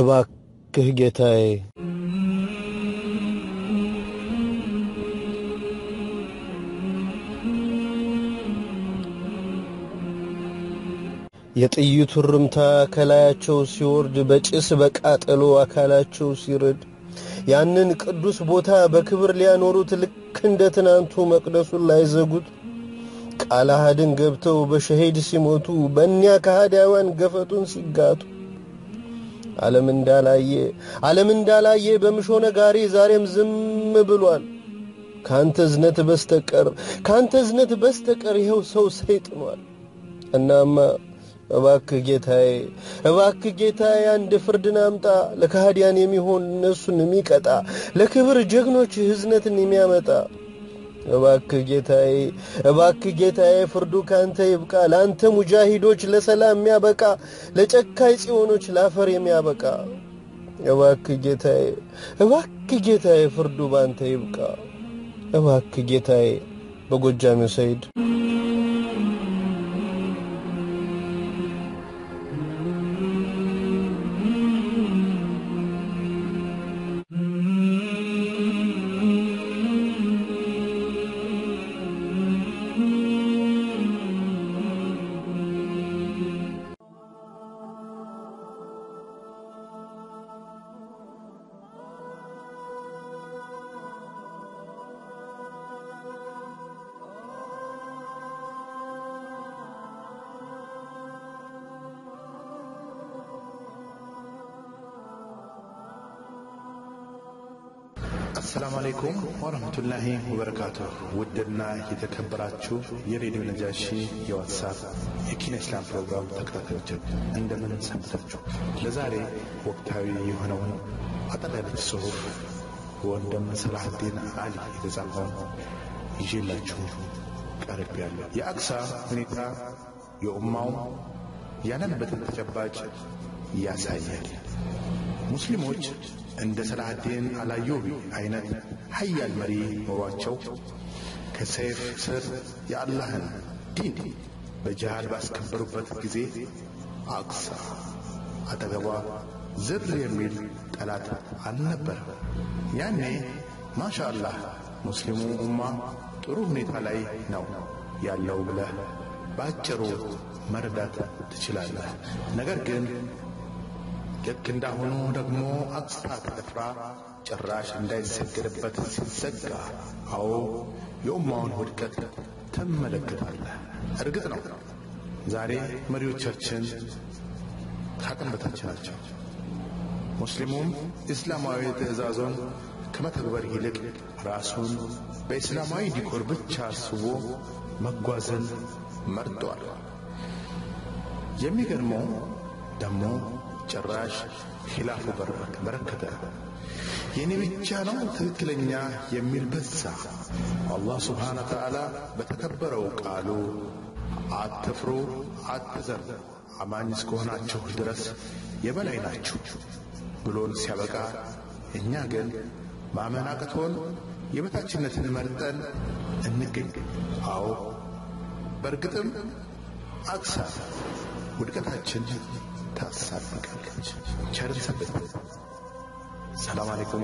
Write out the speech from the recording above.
እባክህ ጌታዬ የጥይቱ ርምታ ከላያቸው ሲወርድ በጭስ በቃጠሎ አካላቸው ሲረድ ያንን ቅዱስ ቦታ በክብር ሊያኖሩት ልክ እንደ ትናንቱ መቅደሱን ላይዘጉት ቃለ አሃድን ገብተው በሸሄድ ሲሞቱ በእኒያ ከሃዲያዋን ገፈቱን ሲጋቱ ዓለም እንዳላየ ዓለም እንዳላየ በምሾ ነጋሪ ዛሬም ዝም ብሏል። ካንተ እዝነት በስተቀር ካንተ እዝነት በስተቀር ይኸው ሰው ሰይጥኗል። እናማ እባክህ ጌታዬ፣ እባክህ ጌታዬ አንድ ፍርድን አምጣ፣ ለካህዲያን የሚሆን እነሱን የሚቀጣ ለክብር ጀግኖች እዝነትን የሚያመጣ እባክህ ጌታዬ፣ እባክህ ጌታዬ፣ ፍርዱ ካንተ ይብቃ። ለአንተ ሙጃሂዶች፣ ለሰላም የሚያበቃ ለጨካይ ጽዮኖች፣ ለአፈር የሚያበቃ እባክህ ጌታዬ፣ እባክህ ጌታዬ፣ ፍርዱ ባንተ ይብቃ። እባክህ ጌታዬ። በጎጃሚው ሰይድ አሰላሙ አሌይኩም ወረህመቱላሂ ወበረካቱ። ውድና የተከበራችሁ የሬዲዮ ነጃሺ የዋትሳፕ የኪነ ኢስላም ፕሮግራም ተከታታዮችን እንደምን ሰንብታችሁ። ለዛሬ ወቅታዊ የሆነውን አጠቃላይ ጽሁፍ ወንድም ሰላሐዲን አሊ የተጻፈውን ይዤላችሁ ቀርቤያለሁ። የአቅሳ ሁኔታ የኡማው ያለንበትን ተጨባጭ ያሳያል። ሙስሊሞች እንደ ሰላሐዲን አላዩቢ አይነት ሀያል መሪ ኖሯቸው ከሰይፍ ስር የአላህን ዲን በጅሃድ ባስከበሩበት ጊዜ አቅሳ አጠገቧ ዝር የሚል ጠላት አልነበር። ያኔ ማሻ አላህ ሙስሊሙ ኡማ ጥሩ ሁኔታ ላይ ነው ያለው ብለህ በአጭሩ መረዳት ትችላለህ። ነገር ግን ልክ እንዳሁኑ ደግሞ አጽናት ለፍራ ጭራሽ እንዳይሰገድበት ሲዘጋ፣ አዎ የኡማውን ውድቀት ትመለከታለህ። እርግጥ ነው ዛሬ መሪዎቻችን ከአቅም በታች ናቸው። ሙስሊሙም እስላማዊ ትእዛዞን ከመተግበር ይልቅ ራሱን በእስላማዊ ዲኮር ብቻ አስቦ መጓዝን መርጧል። የሚገርመው ደግሞ ጭራሽ ኪላፉ በረከተ። የኔ ብቻ ነው ትክክለኛ የሚል በዛ። አላህ ስብሓነ ወተዓላ በተከበረው ቃሉ አትፍሩ፣ አትዘኑ አማኝ እስከሆናችሁ ድረስ የበላይ ናችሁ ብሎን ሲያበቃ እኛ ግን ማመን አቅቶን የበታችነትን መርጠን እንገኝ። አዎ በእርግጥም አክሳ ውድቀታችን था साथ निकल के शरद सलामकुम